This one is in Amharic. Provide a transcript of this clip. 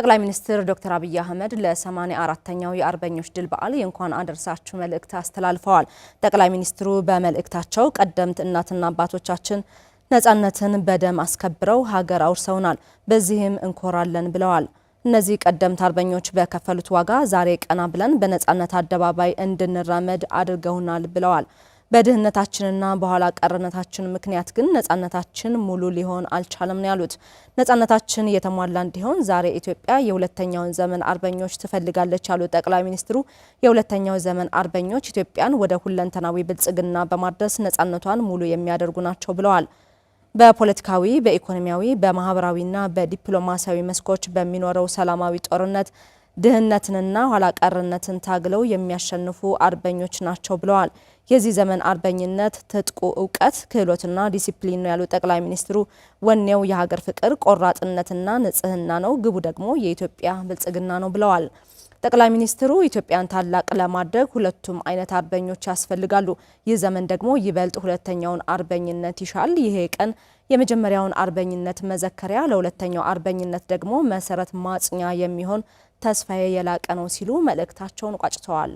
ጠቅላይ ሚኒስትር ዶክተር አብይ አህመድ ለሰማንያ አራተኛው የአርበኞች ድል በዓል የእንኳን አደረሳችሁ መልእክት አስተላልፈዋል። ጠቅላይ ሚኒስትሩ በመልእክታቸው ቀደምት እናትና አባቶቻችን ነጻነትን በደም አስከብረው ሀገር አውርሰውናል፣ በዚህም እንኮራለን ብለዋል። እነዚህ ቀደምት አርበኞች በከፈሉት ዋጋ ዛሬ ቀና ብለን በነጻነት አደባባይ እንድንራመድ አድርገውናል ብለዋል። በድህነታችንና በኋላ ቀርነታችን ምክንያት ግን ነጻነታችን ሙሉ ሊሆን አልቻለም ነው ያሉት። ነጻነታችን የተሟላ እንዲሆን ዛሬ ኢትዮጵያ የሁለተኛውን ዘመን አርበኞች ትፈልጋለች ያሉት ጠቅላይ ሚኒስትሩ የሁለተኛው ዘመን አርበኞች ኢትዮጵያን ወደ ሁለንተናዊ ብልጽግና በማድረስ ነጻነቷን ሙሉ የሚያደርጉ ናቸው ብለዋል። በፖለቲካዊ፣ በኢኮኖሚያዊ፣ በማህበራዊና በዲፕሎማሲያዊ መስኮች በሚኖረው ሰላማዊ ጦርነት ድህነትንና ኋላ ቀርነትን ታግለው የሚያሸንፉ አርበኞች ናቸው ብለዋል። የዚህ ዘመን አርበኝነት ትጥቁ እውቀት፣ ክህሎትና ዲሲፕሊን ነው ያሉት ጠቅላይ ሚኒስትሩ ወኔው የሀገር ፍቅር፣ ቆራጥነትና ንጽህና ነው፣ ግቡ ደግሞ የኢትዮጵያ ብልጽግና ነው ብለዋል። ጠቅላይ ሚኒስትሩ ኢትዮጵያን ታላቅ ለማድረግ ሁለቱም አይነት አርበኞች ያስፈልጋሉ። ይህ ዘመን ደግሞ ይበልጥ ሁለተኛውን አርበኝነት ይሻል። ይሄ ቀን የመጀመሪያውን አርበኝነት መዘከሪያ፣ ለሁለተኛው አርበኝነት ደግሞ መሰረት ማጽኛ የሚሆን ተስፋዬ የላቀ ነው ሲሉ መልእክታቸውን ቋጭተዋል።